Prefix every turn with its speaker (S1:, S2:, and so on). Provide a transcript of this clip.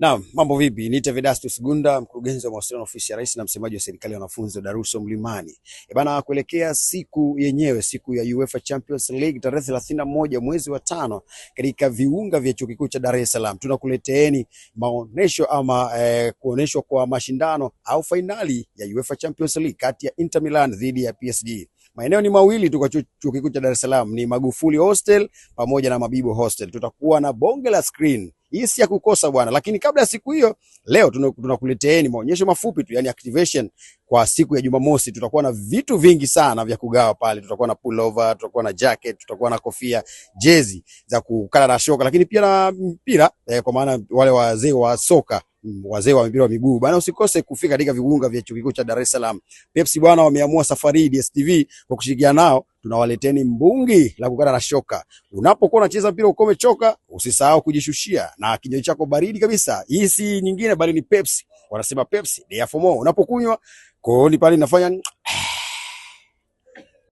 S1: Naam, mambo vipi? Ni Vedastus Gunda, mkurugenzi wa mawasiliano ofisi ya Rais na msemaji wa serikali ya wanafunzi wa Dar es Salaam Mlimani. E bana, kuelekea siku yenyewe, siku ya UEFA Champions League tarehe 31 mwezi wa tano katika viunga vya chuo kikuu cha Dar es Salaam, tunakuleteeni maonesho ama eh, kuoneshwa kwa mashindano au fainali ya UEFA Champions League kati ya Inter Milan dhidi ya PSG. Maeneo ni mawili tu kwa chuo kikuu cha Dar es Salaam, ni Magufuli Hostel pamoja na Mabibo Hostel. Tutakuwa na bonge la screen hii si ya kukosa bwana, lakini kabla ya siku hiyo, leo tunakuleteeni maonyesho mafupi tu, yani activation kwa siku ya Jumamosi. Tutakuwa na vitu vingi sana vya kugawa pale, tutakuwa na pullover, tutakuwa na jacket, tutakuwa na kofia, jezi za kukala na shoka, lakini pia na mpira eh, kwa maana wale wazee wa soka wazee wa mpira wa miguu bana, usikose kufika katika viunga vya chuo kikuu cha Dar es Salaam. Pepsi bwana, wameamua safari hii DSTV kwa kushirikiana nao tunawaleteni mbungi la kukata na shoka. Unapokuwa unacheza mpira ukome choka, usisahau kujishushia na kinywaji chako baridi kabisa. Hii si nyingine bali ni Pepsi. Wanasema Pepsi ni ya fomo unapokunywa kooni pale inafanya